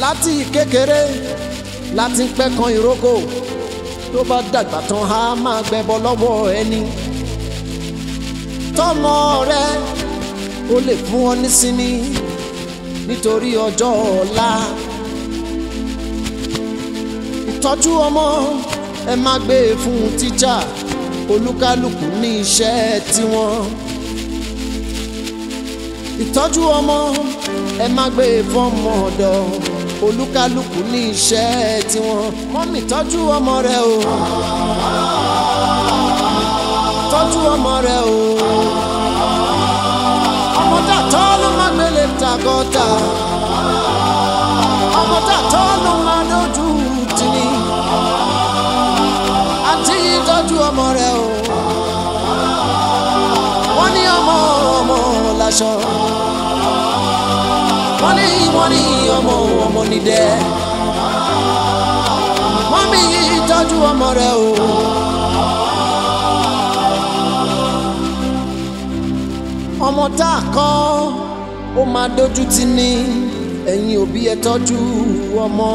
láti kékeré láti pẹ́ kan ìrókò tó bá dàgbà tán á máa gbẹbọ lọ́wọ́ ẹni tọmọ rẹ ó lè fún ọ nísinmi nítorí ọjọ́ ọ̀la ìtọ́jú ọmọ ẹ má gbé e fún tíjà olúkálùkù ní iṣẹ́ tiwọn ìtọ́jú ọmọ ẹ má gbé e fún ọmọ ọ̀dọ́ olúkálùkù ní iṣẹ́ tiwọn mọ́mì tọ́jú ọmọ rẹ o tọ́jú ọmọ rẹ o ọmọ dàtọ́ ló má gbélé tàgọ́tà ọmọ dàtọ́ ló má lójú tìní àti tọ́jú ọmọ rẹ o wọ́n ní ọmọ ọmọ làṣọ wọ́n ní wọ́n ní ọmọ ọmọ ní dẹ mọ́mí yìí tọ́jú ọmọ rẹ o. ọmọ tá a kọ́ ó máa dójú tì ní ẹ̀yin òbí ẹ tọ́jú ọmọ.